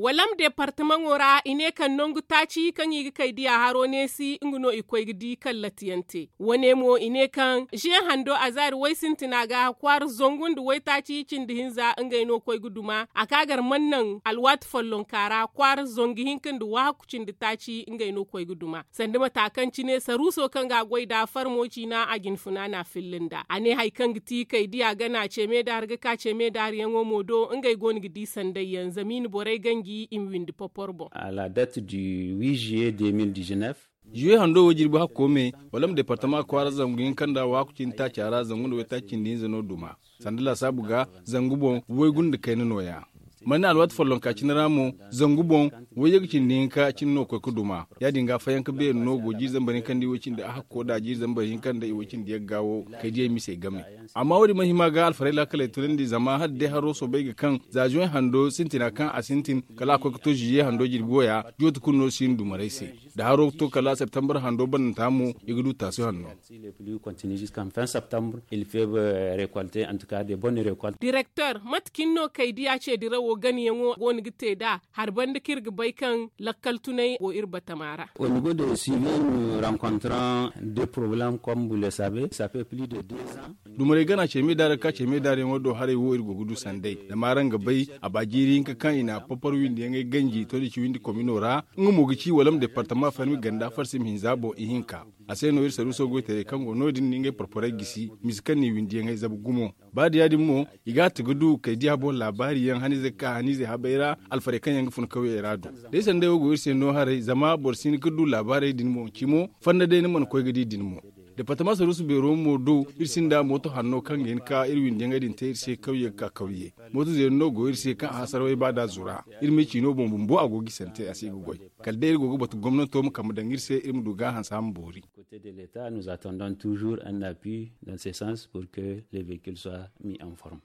Walam departement wora ine kan nongu taci kan yi kai dia haro si inguno ikoi gidi kan latiyante. Wane mo ine kan je hando azari wai sintina ga kwar zongundu wai taci cin hinza ingai ino koi guduma a kagar mannan alwat fallon kara kwar zongihin kan duwa cin da taci ingai ino koi guduma. Sandi matakan ci ne saruso kan ga gwai da farmoci na a ginfuna na fillinda da. A ne giti kai dia gana ce me da harga ka ce me da har yango modo ingai goni gidi sandai yanzu Min borai gan bangi imwindi poporbo à la date du 8 juillet 2019 juye hando wajiri ba kome walam departement kwara zangu kanda wa kucin ta cara zangun da wata kin dinzo no duma sandala sabuga zangu bon wai gunda kai noya mana alwat folon ka cin ramu zangubon wayar cin ne ka cin no ko kuduma ya dinga fayan ka be no goji zambarin kan da wucin da aka koda ji zambarin kan da wucin da ya gawo kai je mi sai game amma wani mahima ga alfarela kala tulen di zama har da haro so bai ga kan zajuin hando sintina kan asintin kala ko to ji hando jirgoya jotu kunno sin mare sai da haro to kala september hando ban ta mu igudu su hanno Directeur Matkinno Kaidi ya ce dirawo gani yango go ni gite da da kirga bai kan lakkal tunai o irba tamara au niveau de civil nous rencontrons des problèmes comme vous le savez ça fait plus de deux ans dumare gana chemi da ka chemi dare yango do hare wo irgo gudu sandai da bai a bajiri inka kan ina papar windi yanga ganji to ci windi kominora ngumo gici walam departement farmi ganda farsim hinzabo ihinka ase no irsa ruso go tere kango no din ninge porpore gisi ni windi yanga zabu gumo ba di yadi mo igata gudu kai diabo labari yan hanize ka hani zai habaira alfare kan yanga fun kawai rado dai san dai wogo irse no hare zama borsin gudu labarai dinmo kimo fanda dai man koy gidi mo. departement sarusu be romo do irsin da moto hanno kan gen ka irwin jenga din te irse kawai ka kauye moto ze no go irse kan hasarwai ba da zura irme chino bombum bo agogi sante asi gogoy kal de irgo batu to tom kam da irse irmu ga han sam bori côté de l'état nous attendons toujours un appui dans ce sens pour que les véhicules soient mis en forme